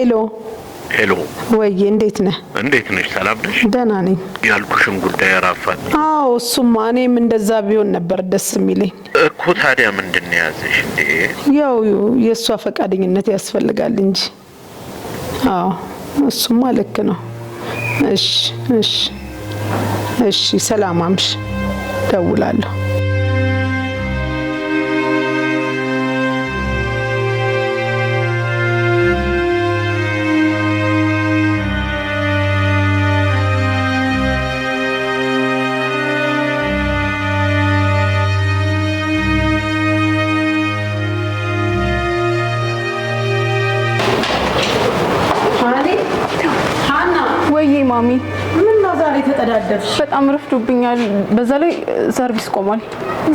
ሄሎ ሄሎ፣ ወይ እንዴት ነህ? እንዴት ነሽ? ሰላም ነሽ? ደህና ነኝ። ያልኩሽን ጉዳይ አራፋት። አዎ፣ እሱማ እኔም እንደዛ ቢሆን ነበር ደስ የሚለኝ እኮ። ታዲያ ምንድን ያዘሽ እንዴ? ያው የእሷ ፈቃደኝነት ያስፈልጋል እንጂ። አዎ፣ እሱማ ልክ ነው። እሺ፣ እሺ፣ እሺ። ሰላም አምሽ፣ ደውላለሁ እትዬ ማሚ ምን ነው ዛሬ ተጠዳደፍሽ? በጣም ረፍዶብኛል። በዛ ላይ ሰርቪስ ቆሟል።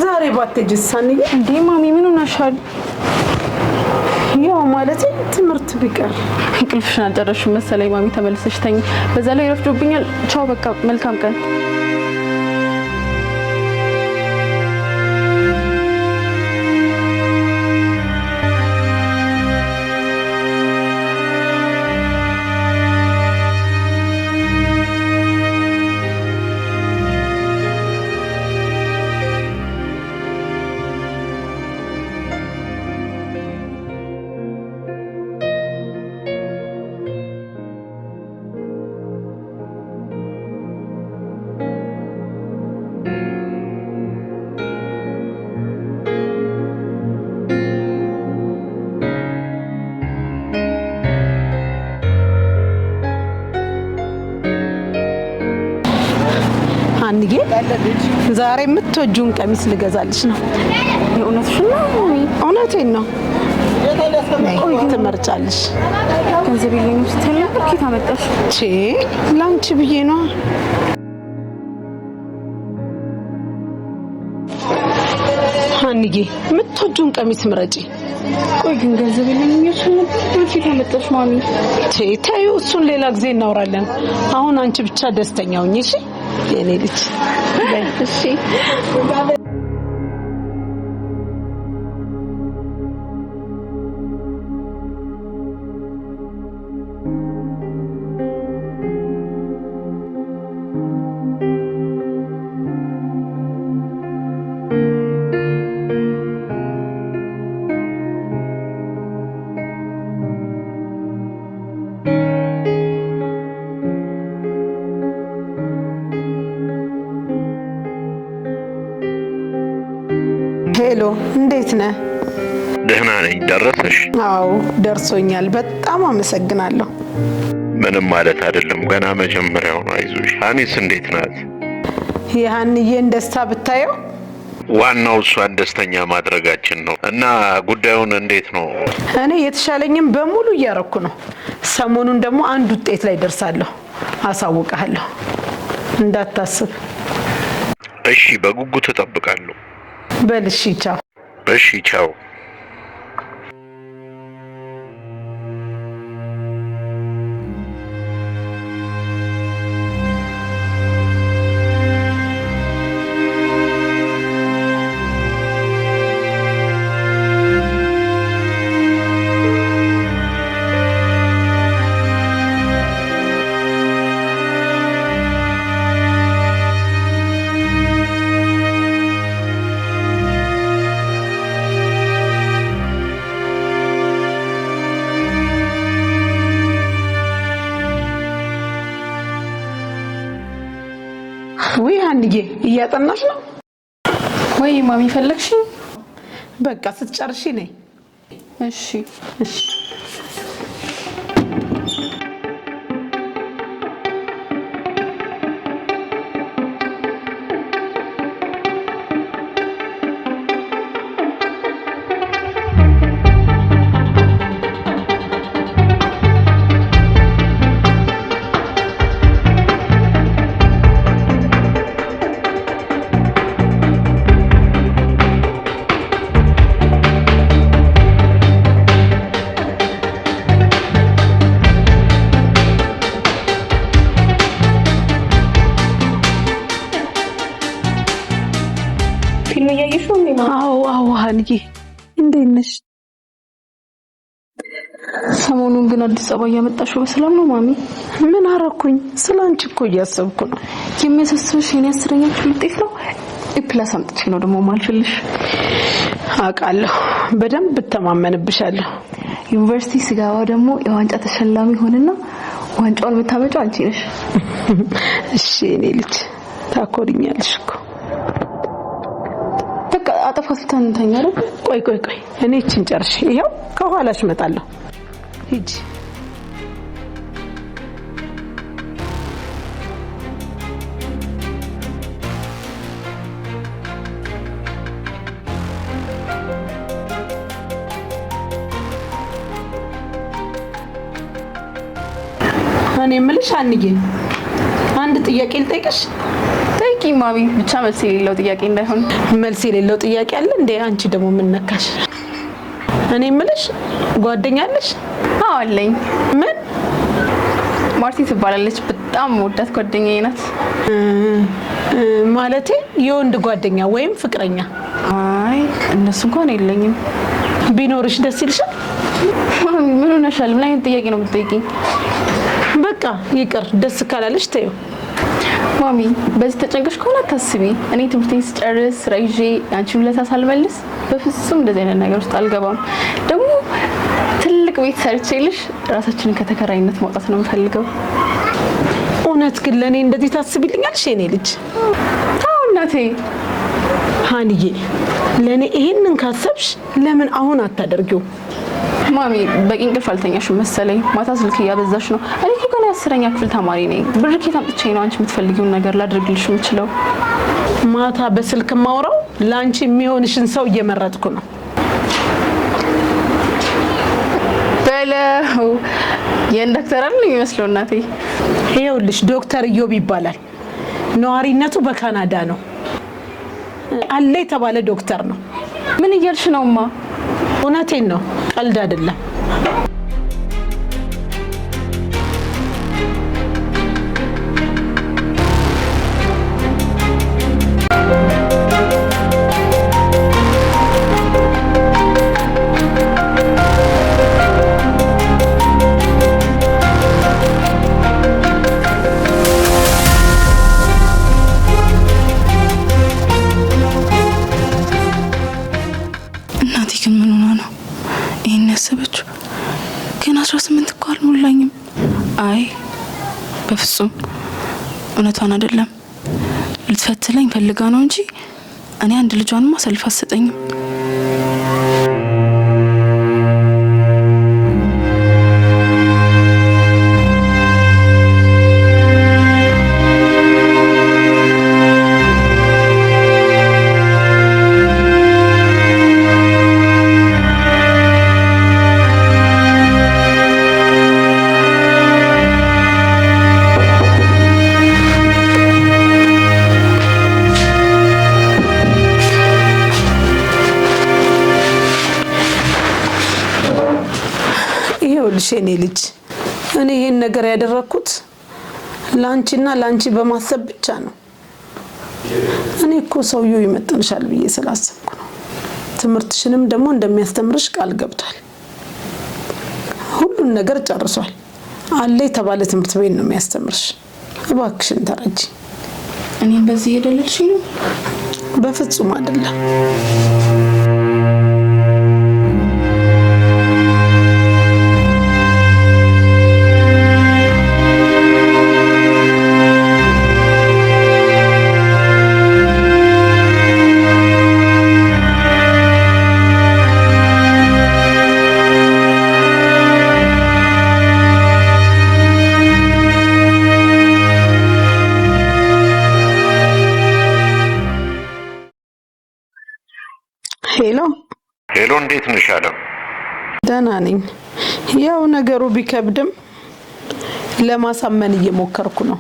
ዛሬ ባትሄጂስ ሳንዬ? እንዴ ማሚ ምን ሆነሻል? ያው ማለት ትምህርት ቢቀር እንቅልፍሽን አልጨረስሽም መሰለኝ ማሚ፣ ተመልሰሽ ተኝ። በዛ ላይ ረፍዶብኛል። ቻው፣ በቃ መልካም ቀን። ዛሬ የምትወጁን ቀሚስ ልገዛልሽ ነው። የእውነትሽ ነው? እውነቴን ነው። ትመርጫለሽ። ገንዘብ የለኝም ስትል ነበር። ኬት አመጣሽ? ቼ ላንቺ ብዬ ነዋ። አንጌ የምትወጁን ቀሚስ ምረጪ። ቆይ ግን ገንዘብ የለኝም እያልሽ ነበር። ማሚ ቼ ተይው፣ እሱን ሌላ ጊዜ እናውራለን። አሁን አንቺ ብቻ ደስተኛ ሁኚ እሺ Benedict. Sim. ደረሰሽ? አዎ ደርሶኛል። በጣም አመሰግናለሁ። ምንም ማለት አይደለም፣ ገና መጀመሪያው ነው። አይዞሽ። ሀኒስ እንዴት ናት? የሀንዬን ደስታ ብታየው። ዋናው እሷን ደስተኛ ማድረጋችን ነው። እና ጉዳዩን እንዴት ነው? እኔ የተሻለኝም በሙሉ እያረኩ ነው። ሰሞኑን ደግሞ አንድ ውጤት ላይ ደርሳለሁ፣ አሳውቀሃለሁ፣ እንዳታስብ እሺ። በጉጉት እጠብቃለሁ። በልሺ ቻው። እሺ ቻው። ሀንዬ እያጠናሽ ነው ወይ ማሚ? ፈለግሽ? በቃ ስትጨርሺ ነይ። እሺ እሺ ሰሞኑን ግን አዲስ አበባ እያመጣሽው በሰላም ነው ማሚ? ምን አረኩኝ? ስለ አንቺ እኮ እያሰብኩ ነው። የሚያሳስብሽ የኔ አስረኛ ውጤት ነው። ኢፕላስ አምጥቼ ነው ደግሞ ማልችልሽ። አውቃለሁ፣ በደንብ እተማመንብሻለሁ። ዩኒቨርሲቲ ስገባ ደግሞ የዋንጫ ተሸላሚ ሆንና ዋንጫውን የምታመጪው አንቺ ነሽ። እሺ እኔ ልጅ ታኮርኛለሽ እኮ በቃ አጠፋ ስልታን እንተኛለን። ቆይ ቆይ ቆይ፣ እኔ እችን ጨርሼ ይኸው ከኋላሽ እመጣለሁ። ሂጂ። እኔ የምልሽ አንዬ አንድ ጥያቄ ልጠይቅሽ። ጠይቂ ማሚ፣ ብቻ መልስ የሌለው ጥያቄ እንዳይሆን። መልስ የሌለው ጥያቄ አለ እንዴ? አንቺ ደግሞ ምን እኔ የምልሽ ጓደኛለሽ? አዎ አለኝ። ምን? ማርቲ ትባላለች። በጣም ወዳት ጓደኛዬ ናት። ማለቴ የወንድ ጓደኛ ወይም ፍቅረኛ? አይ እነሱ እንኳን የለኝም። ቢኖርሽ ደስ ይልሻል? ምን ሆነሻል? ምን አይነት ጥያቄ ነው የምትጠይቂኝ? በቃ ይቅር። ደስ ካላለሽ ተይው። ማሚ በዚህ ተጨንቀሽ ከሆነ አታስቢ። እኔ ትምህርቴን ስጨርስ ስራ ይዤ አንቺን ውለታ ሳልመልስ በፍጹም እንደዚህ አይነት ነገር ውስጥ አልገባም። ደግሞ ትልቅ ቤት ሰርቼልሽ ራሳችንን ከተከራይነት ማውጣት ነው የምፈልገው። እውነት ግን ለእኔ እንደዚህ ታስቢልኛል? የኔ ልጅ አዎ እናቴ ሀንዬ፣ ለእኔ ይሄንን ካሰብሽ ለምን አሁን አታደርጊው? ማሚ በቂ እንቅልፍ አልተኛሽም መሰለኝ፣ ማታ ስልክ እያበዛሽ ነው። እኔ እኮ ገና የአስረኛ ክፍል ተማሪ ነኝ። ብር ከየት አምጥቼ ነው አንቺ የምትፈልጊውን ነገር ላድርግልሽ የምችለው? ማታ በስልክ ማውራው ለአንቺ የሚሆንሽን ሰው እየመረጥኩ ነው። በለው ይህን ዶክተር አለ የሚመስለው እናቴ። ይኸውልሽ ዶክተር እዮብ ይባላል። ነዋሪነቱ በካናዳ ነው። አለ የተባለ ዶክተር ነው። ምን እያልሽ ነው ነውማ? እውነቴን ነው፣ ቀልድ አይደለም። በፍጹም እውነቷን አይደለም። ልትፈትለኝ ፈልጋ ነው እንጂ እኔ አንድ ልጇንማ ሰልፍ አሰጠኝም። እሺ ልጅ እኔ ይሄን ነገር ያደረኩት ላንቺና ላንቺ በማሰብ ብቻ ነው። እኔ እኮ ሰውየው ይመጥንሻል ብዬ ስላሰብኩ ነው። ትምህርትሽንም ደግሞ እንደሚያስተምርሽ ቃል ገብቷል። ሁሉን ነገር ጨርሷል። አለ የተባለ ትምህርት ቤት ነው የሚያስተምርሽ። እባክሽን ተረጂ። እኔ በዚህ የደለልሽ ነው። በፍጹም አይደለም። እንዴት ነሽ አለም? ደህና ነኝ። ያው ነገሩ ቢከብድም ለማሳመን እየሞከርኩ ነው።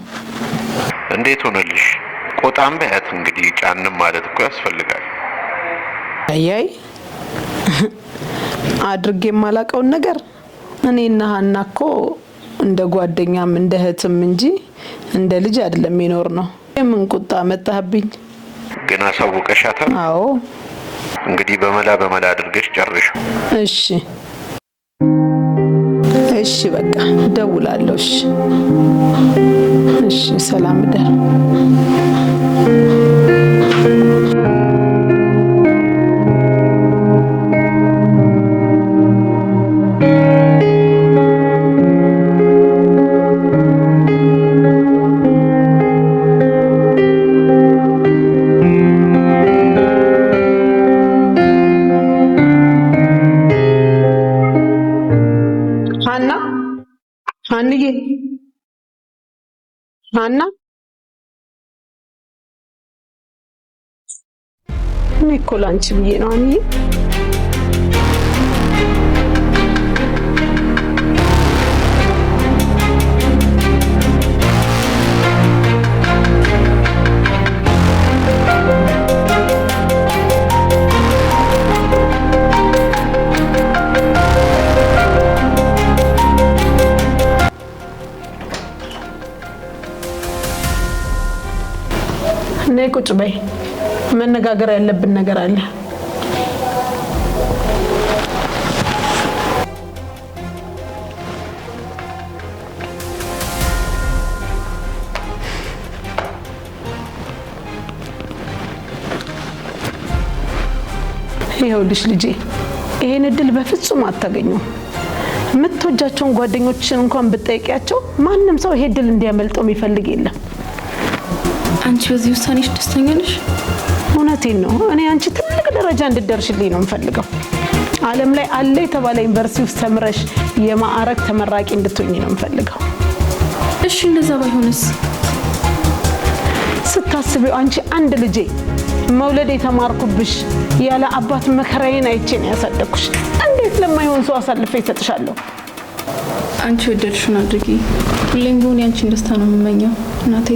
እንዴት ሆነልሽ? ቆጣም በያት እንግዲህ ጫንም ማለት እኮ ያስፈልጋል። አያይ አድርጌ የማላቀውን ነገር እኔና ሀና እኮ እንደ ጓደኛም እንደ እህትም እንጂ እንደ ልጅ አይደለም የሚኖር ነው። የምን ቁጣ መጣህብኝ? ግን አሳውቀሻታል? አዎ እንግዲህ በመላ በመላ አድርገሽ ጨርሽ። እሺ እሺ፣ በቃ ደውላለሁ። እሺ፣ ሰላም ደር እኔ እኮ ላንቺ ብዬ ነው አንዬ ነይ ቁጭ በይ መነጋገር ያለብን ነገር አለ። ይኸውልሽ ልጄ ይሄን እድል በፍጹም አታገኙም። የምትወጃቸውን ጓደኞችን እንኳን ብጠይቂያቸው ማንም ሰው ይሄ እድል እንዲያመልጠው የሚፈልግ የለም። አንቺ በዚህ ውሳኔሽ ደስተኛ ነሽ? እውነቴን ነው። እኔ አንቺ ትልቅ ደረጃ እንድደርሽልኝ ነው የምፈልገው። ዓለም ላይ አለ የተባለ ዩኒቨርሲቲ ውስጥ ተምረሽ የማዕረግ ተመራቂ እንድትሆኝ ነው የምፈልገው። እሺ፣ እንደዛ ባይሆንስ? ስታስቢው አንቺ አንድ ልጄ መውለድ የተማርኩብሽ ያለ አባት መከራዬን አይቼ ነው ያሳደግኩሽ። እንዴት ለማይሆን ሰው አሳልፈ ይሰጥሻለሁ? አንቺ ወደድሽን አድርጊ። ሁሌም ቢሆን የአንቺን ደስታ ነው የምመኘው እናቴ።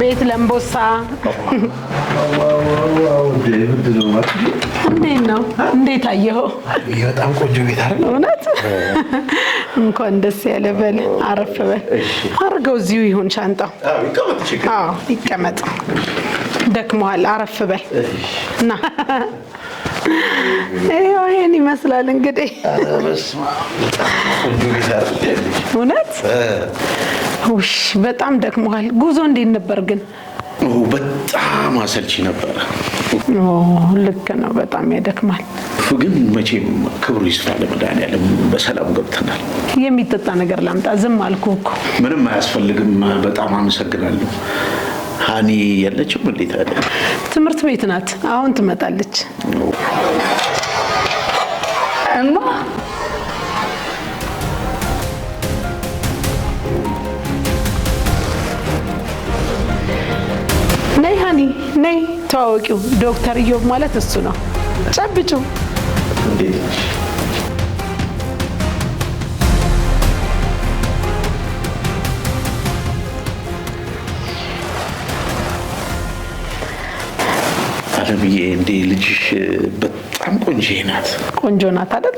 ቤት ለምቦሳ እንዴት ነው? እንዴት አየኸው? በጣም ቆንጆ ቤት አይደል? እውነት እንኳን ደስ ያለ። በል አረፍ በል አድርገው። እዚሁ ይሁን ሻንጣው። አዎ ይቀመጥ። ደክመዋል። አረፍ በል እና ይመስላል እንግዲህ እውነት ውሽ በጣም ደክሞሃል። ጉዞ እንዴት ነበር ግን? በጣም አሰልቺ ነበረ። ልክ ነው፣ በጣም ያደክማል። ግን መቼም ክብሩ ይስፋ ለመድኃኒዓለም በሰላም ገብተናል። የሚጠጣ ነገር ላምጣ? ዝም አልኩ እኮ። ምንም አያስፈልግም። በጣም አመሰግናለሁ። ሀኒ ያለችም እንዴት አለ? ትምህርት ቤት ናት፣ አሁን ትመጣለች። Sen mi? ነይ ሀኒ ነይ፣ ተዋወቂው ዶክተር ኢዮብ ማለት እሱ ነው። ጨብጩ። አደብዬ እንዴ ልጅሽ በጣም ቆንጆ ናት። ቆንጆ ናት አይደል?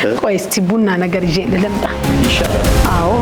ቆይ እስቲ ቡና ነገር ይዤ ልምጣ። አዎ